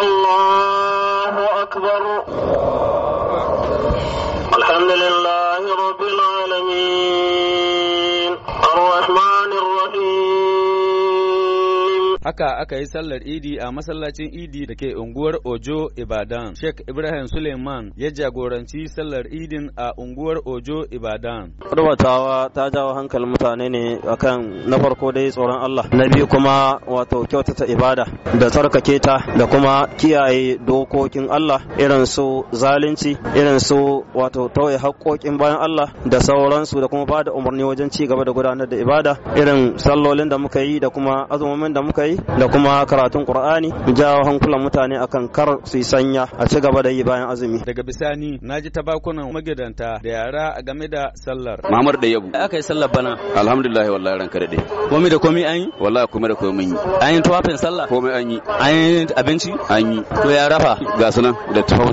الله أكبر الحمد لله رب Haka aka yi sallar Idi a masallacin Idi da ke unguwar Ojo Ibadan. Sheikh Ibrahim Suleiman ya jagoranci sallar Idin a unguwar Ojo Ibadan. Rubatawa ta jawo hankalin mutane ne akan na farko da dai tsoron Allah, na biyu kuma wato kyautata ibada da tsarkake ta da kuma kiyaye dokokin Allah irin su zalunci, irin su wato tauye haƙƙoƙin bayan Allah da sauransu da kuma da umarni wajen ci gaba da gudanar da ibada irin sallolin da muka yi da kuma azumomin da muka yi da kuma karatun Qur'ani mu jawo hankulan mutane akan kar su yi sanya a ci gaba da yi bayan azumi. Daga bisani na ji tabakunan magidanta da yara a game da sallar. Mamar da yabu. Aka yi sallar bana. Alhamdulillah wallahi ranka daɗe. Komai da komai an yi? Wallahi komai da komai mun yi. An yi tuwafin sallah? Komai an yi. An yi abinci? An yi. To yara fa? Ga da nan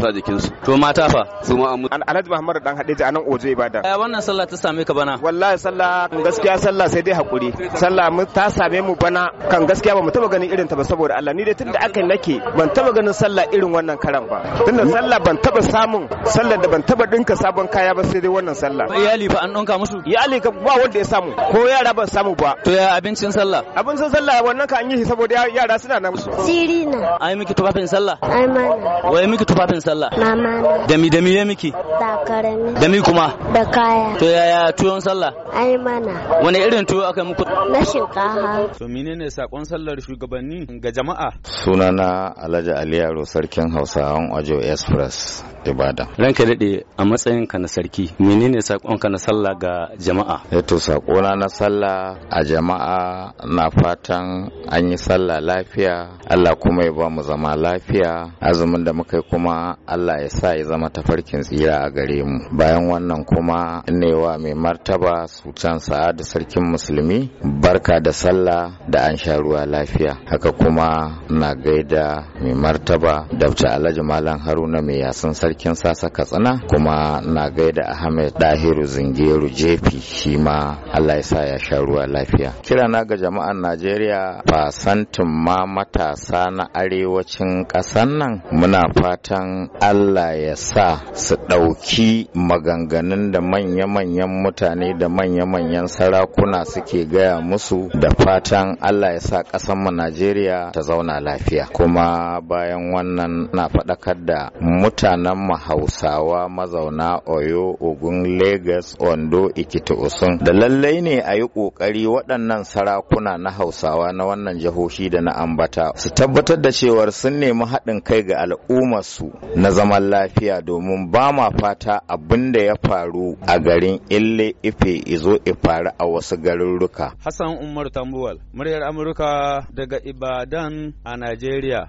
da jikin su To mata fa? Su ma an mutu. Alhaji Muhammad dan hadeji a nan Ojo Ibadan. Ya wannan sallah ta same ka bana? Wallahi sallah gaskiya sallah sai dai hakuri. Sallah ta same mu bana kan gaskiya ba mu taba ganin irin ta ba saboda Allah ni dai tunda aka nake ban taba ganin sallah irin wannan karan ba tunda sallah ban taba samun sallah da ban taba dinka sabon kaya ba sai dai wannan sallah iyali ba an donka musu iyali ka ba wanda ya samu ko yara ban samu ba to ya abincin sallah abincin sallah wannan ka an yi saboda yara suna na. musu sirina ai miki tufafin sallah ai mana wai miki tufafin sallah mama na dami dami ya miki da karami Da mi kuma da kaya to ya tuwon sallah ai mana wani irin tuwo aka muku na shinkafa to menene sakon sallah da shugabanni ga jama'a sunana alhaji ali yaro sarkin hausawan ojo express ibada ranka daɗe a matsayin ka na sarki menene sakon ka na sallah ga jama'a Eto eh saƙona na sallah a jama'a na fatan an yi sallah lafiya Allah kuma ya ba mu zama lafiya azumin da muka yi kuma Allah ya sa ya zama tafarkin tsira a gare mu bayan wannan kuma wa mai martaba sa'a sa'ad sarkin musulmi barka da sallah da an sha ruwa lafiya haka kuma na gaida mai martaba dabta alhaji malam haruna mai yasan sarki sarkin sasa katsina kuma na gaida ahmed dahiru zingeru jefi shi ma allah ya sa ya sha ruwa lafiya kira na ga jama'an najeriya fasantin ma matasa na arewacin ƙasan nan muna fatan allah ya sa su ɗauki maganganun da manya-manyan mutane da manya-manyan sarakuna suke gaya musu da fatan allah ya sa ƙasanmu najeriya ta zauna lafiya kuma bayan wannan na faɗakar da mutanen mu hausawa mazauna oyo ogun lagos ondo ikiti usun da lallai ne a yi ƙoƙari waɗannan sarakuna na hausawa na wannan jihohi da na ambata su tabbatar da cewar sun nemi haɗin kai ga al'ummarsu na zaman lafiya domin ba ma fata abin da ya faru a garin ille ife izo ifari a wasu garurruka hassan umar tambuwal muryar amurka daga ibadan a najeriya